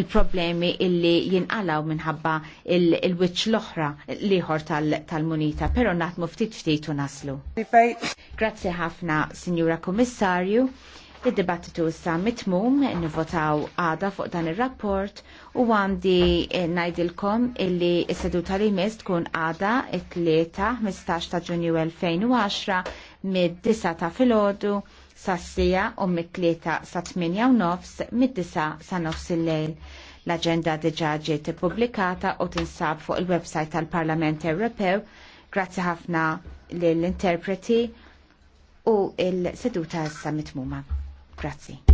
il-problemi illi jinqalaw minħabba il-wiċ l-oħra liħor tal-munita, pero naħdmu ftit ftit u naslu. Grazzi ħafna, Signora Kommissarju. Id-dibattitu issa mitmum, nivotaw għada fuq dan il-rapport u għandi eh, najdilkom illi s-seduta li mis tkun għada it-3 15 ta' ġunju 2010 mid-9 ta' filgħodu sassija u mit-tlieta sa' 8 u nofs mid-disa sa' nofs il-lejl. L-agenda diġa ġiet ippubblikata u tinsab fuq il-website tal-Parlament Ewropew. Grazzi ħafna lill-interpreti u il-seduta issa mitmuma. Grazzi.